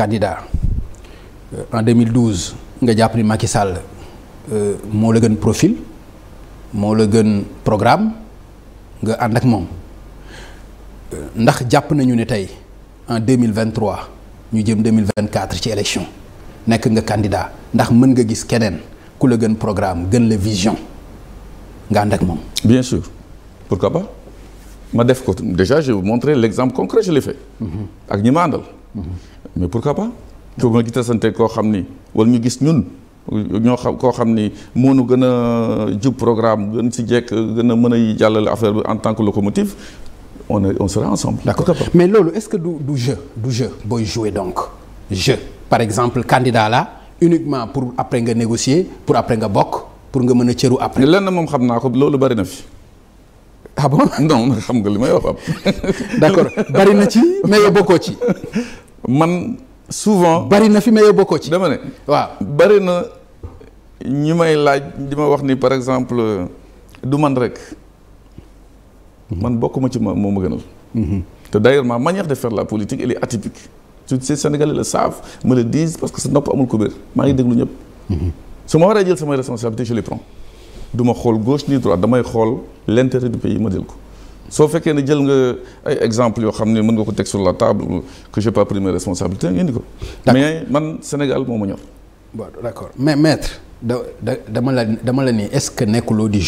candidat euh, en 2012 nga jàpp ni Macky Sall euh, moo la gën profil moo la gën programme nga ànd ak moom euh, ndax jàpp nañu ne tey en mille 2023 ñu jëm mille 2024 ci élection nekk nga candidat ndax mën nga gis keneen ku la gën programme gën la vision nga ànd ak moom. bien sûr pourquoi pas ma def ko déjà j'ai montré l'exemple concret je l'ai fait. Mm-hmm. ak ñi ma àndal. Mm-hmm. mais pourquoi pas toog na ci tasante koo xam ni wala ñu gis ñun ñoo xam koo xam ni nu gën a jub programme gën si jekk gën a mën a jàllale affaire bi en tant que locomotive on est on sera ensemble. d'accord mais loolu est-ce que du du jeu du jeu booy jouer donc jeu par exemple candidat la uniquement pour après nga négocier pour après nga bokk pour nga mën a cëru après. lenn moom xam naa ko loolu bari na fi. ah bon non xam nga li may wax am. d'accord bari na man souvent. bari na fi mayoo bokkoo ci. dama ne waaw bari na ñi may laaj di ma wax ni par exemple du man rek mhm. man bokkuma ci moom moo ma gënal. Mhm. te d'ailleurs ma manière de faire la politique elle est atypique tous ces Sénégalais le savent me le disent parce que sa nopp amul kubéer maa ngi déglu ñëpp. Mhm. su ma waree jël samay responsabilité je les prends du xool gauche ni droite damay xool l'intérêt du pays ma jël ko. soo fekkee ne jël nga ay exemple yoo xam ne mën nga ko teg sur la table que j'ai pas pris mes responsabilités ngeen di ko. mais man Sénégal moo ma ñor. bon d'accord mais maître da dama la dama la ni est-ce que nekkuloo di.